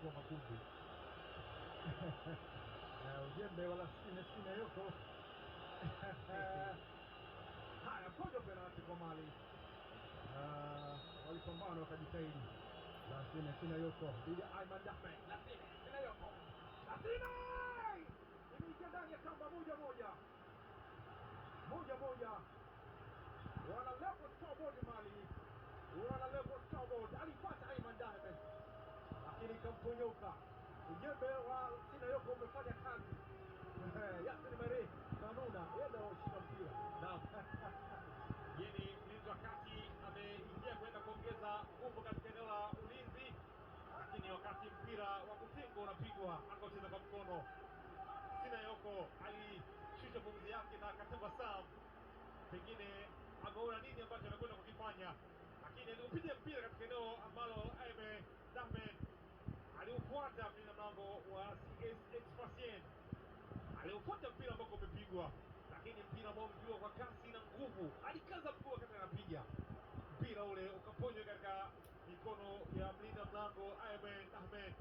kuwa makundi ujembe wala sina sina yoko haya poja penati kwa Mali ah, walipambana wakajitahidi. Lasine sina yoko dhidi ya Aiman Dahme. Lasine sina yoko Lasine imeingia ndani ya kamba moja moja moja moja ulionyooka, ujembe wa Sinayoko umefanya kazi. Yasin Mare kanuna yenda washika mpira naam yeni mlinzi wa kati ameingia kwenda kuongeza nguvu katika eneo la ulinzi, lakini wakati mpira wa kupingwa unapigwa akaucheza kwa mkono, Sinayoko alishusha pumzi yake na akatoka saa, pengine ameona nini ambacho anakwenda kukifanya, lakini aliupiga mpira katika eneo ambalo Expressien aliokota mpira ambao umepigwa, lakini mpira ambao umepigwa kwa kasi na nguvu, alikaza mguu wakati anapiga mpira ule ukaponywa katika mikono ya mlinda mlango Ayman Ahmed.